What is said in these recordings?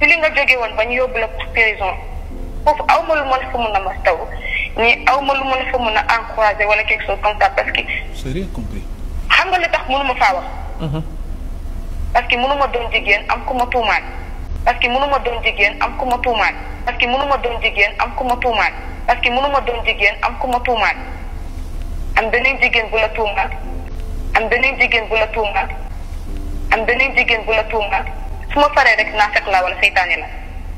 ci li nga jóge woon ba ñu yóbbu la prison foofu aw ma lu ma la fa mun a mas taw mais aw ma lu ma la fa mun a encouragé wala quelque chose comme ça parce que. c'est rien compris. xam nga li tax mënuma faa wax. Mhm. parce que mënuma doon jigéen am ku ma tuumaal. parce que mënuma doon jigéen am ku ma tuumaal. parce que mënuma doon jigéen am ku ma tuumaal. parce que mënuma doon jigéen am ku ma tuumaal. am beneen jigéen bu la tuumaal. am beneen jigéen bu la tuumaal. am beneen jigéen bu la tuumaal. suma faré rek na fekk laa wala seytaane la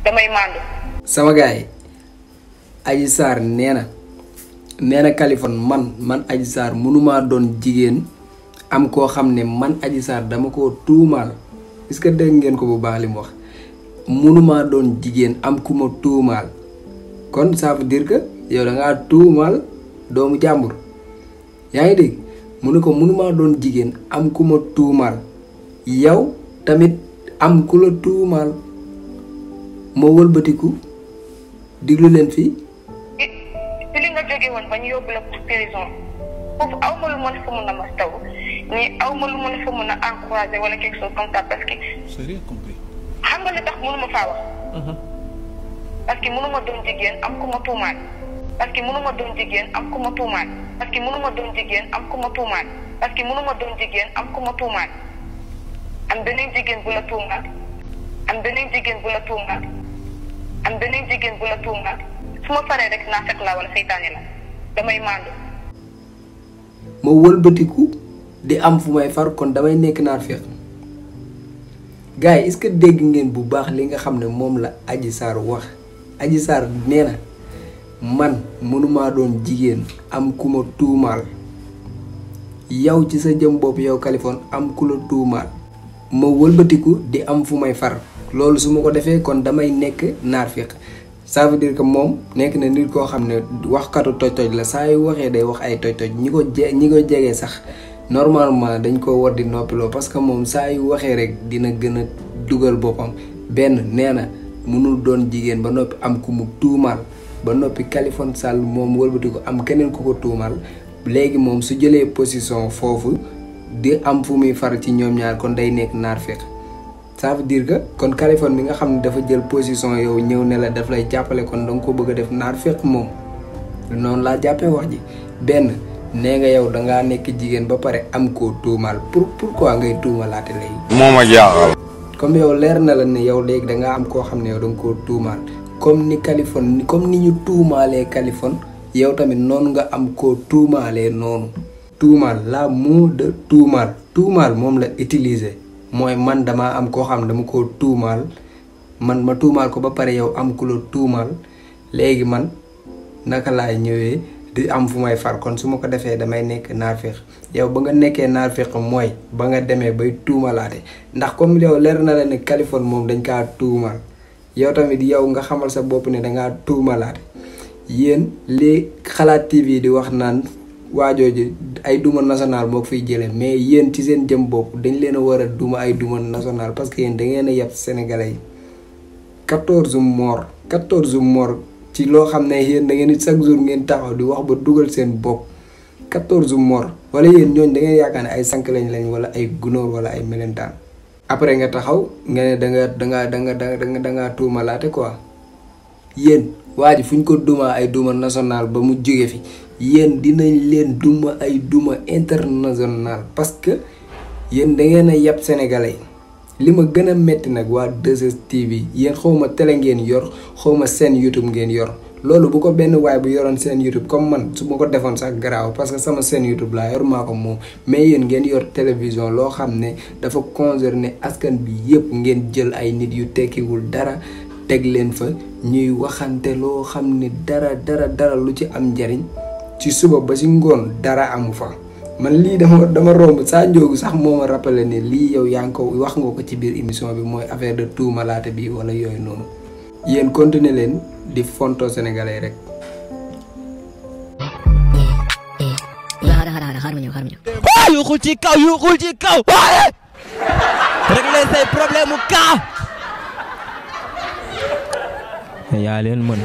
damay mandu sama gay aji sar néna néna na man man aji sar mënumaa don jigen am ko xamné man aji sar dama ko tumal est-ce que ngeen ko bu baax li wax mënumaa don jigen am kuma tumal kon ça veut dire que yow da nga tumal doomu jàmbur yaa ngi dégg mu ne ko mënumaa am kuma tumal yow tamit am ku la tuumaal moo wëlbatiku diglu leen fii. ci li nga jóge woon ba ñu yóbbu la prison foofu aw ma lu mën fa mun a mas taw ni aw ma lu mën fa mun a encouragé wala quelque chose comme ça parce que. c'est compris. xam nga li tax mënu ma faa wax. Mhm. parce que mënu ma doon jigéen am ku ma tuumaal. parce que mënu ma doon jigéen am ku ma tuumaal. parce que mënu ma doon jigéen am ku ma tuumaal. parce que mënu ma doon jigéen am ku ma tuumaal. am beneen jigéen bu la tuumaal am beneen jigéen bu la tuumaal su ma paree rek naa fekk laa wala seytaane la damay maandu. ma wëlbatiku di am fu may far kon damay nekk naa fekk gars yi est-ce dégg ngeen bu baax li nga xam ne moom la aji Sarr wax Adji Sarr nee na man mënuma doon jigéen am ku ma tuumaal yow ci sa jëm bopp yow Kaliphone am ku la tuumaal. ma wëlbatiku di am fu may far loolu su ma ko defee kon damay nekk naar fiq ça veut dire que moom nekk na nit koo xam ne waxkatu toj-toj la saa yu waxee day wax ay toj-toj ñi ko je ñi ko jegee sax normalement dañ koo war di noppiloo parce que moom saa yu waxee rek dina gën a dugal boppam benn nee na mënul doon jigéen ba noppi am ku mu tuumaal ba noppi Kaliphone Sall moom wëlbatiku am keneen ku ko tuumaal léegi moom su jëlee position foofu di am fu muy far ci ñoom ñaar kon day nekk naar fekk ça veut dire que kon Kaliphone bi nga xam ne dafa jël position yow ñëw ne la daf lay jàppale kon da ko bëgg a def naar fekk moom noonu laa jàppee wax ji benn nee nga yow da ngaa nekk jigéen ba pare am koo tuumaal pour pourquoi ngay tuumalaate léegi. moom ak jaaxal. comme yow leer na la ne yow léegi da ngaa am koo xam ne yow da nga koo tuumaal comme ni Kaliphone comme ni ñu tuumaalee Kaliphone yow tamit noonu nga am koo tuumaalee noonu. tuumaal la mu de tuumaal tuumaal moom la utiliser mooy man dama am koo xam dama ko tuumaal man ma tuumaal ko ba pare yow am ku la tuumaal léegi man naka laay ñëwee di am fu may far kon su ma ko defee damay nekk naar naafeeq yow ba nga nekkee naar naafeeq mooy ba nga demee bay tuumalaate ndax comme yow leer na la ne Kaliphone moom dañ kaa tuumaal yow tamit yow nga xamal sa bopp ne dangaa tuumalaate yéen li Xalaat TV di wax naan waajooju ay duma national mok fi jele mais yeen ci sen dem bop dañ leena wara duma ay duma national parce que yeen da ngeen a yab sénégalais 14 mort 14 mort ci lo xam yeen yéen da ngeen chaque jour ngeen taxaw di wax ba duggal sen bop 14 mort wala yeen ñooñ da ngay yaakaar ay sank lañ lañ wala ay gunóor wala ay melentaan après nga taxaw nga da nga da nga da nga da nga da laté quoi yeen waa ji fu ñu ko duma ay duma nationale ba mu jóge fi yéen dinañ leen duma ay duma international parce que yéen da ngeen a yab sénégalais li ma gën a metti nag waa 2STV yéen xawma tele ngeen yor xawma seen YouTube ngeen yor loolu bu ko benn waay bu yoroon seen YouTube comme man su ma ko defoon sax garaaw parce que sama seen YouTube laa yor maa ko moom mais yéen ngeen yor télévision loo xam ne dafa concerner askan bi yëpp ngeen jël ay nit yu tekkiwul dara teg leen fa ñuy waxante loo xam ni dara dara dara lu ci am njariñ ci suba ba ci ngoon dara amu fa man lii dama dama romb saa njóogu sax moo ma rappelé ne lii yow yaa ngi ko wax nga ko ci biir émission bi mooy affaire de tuumalaate bii wala yooyu noonu yéen continuer leen di fonto sénégalais rek. yuuxul ci kaw yuuxul ci kaw. régler say problème mu kaa. يا لين من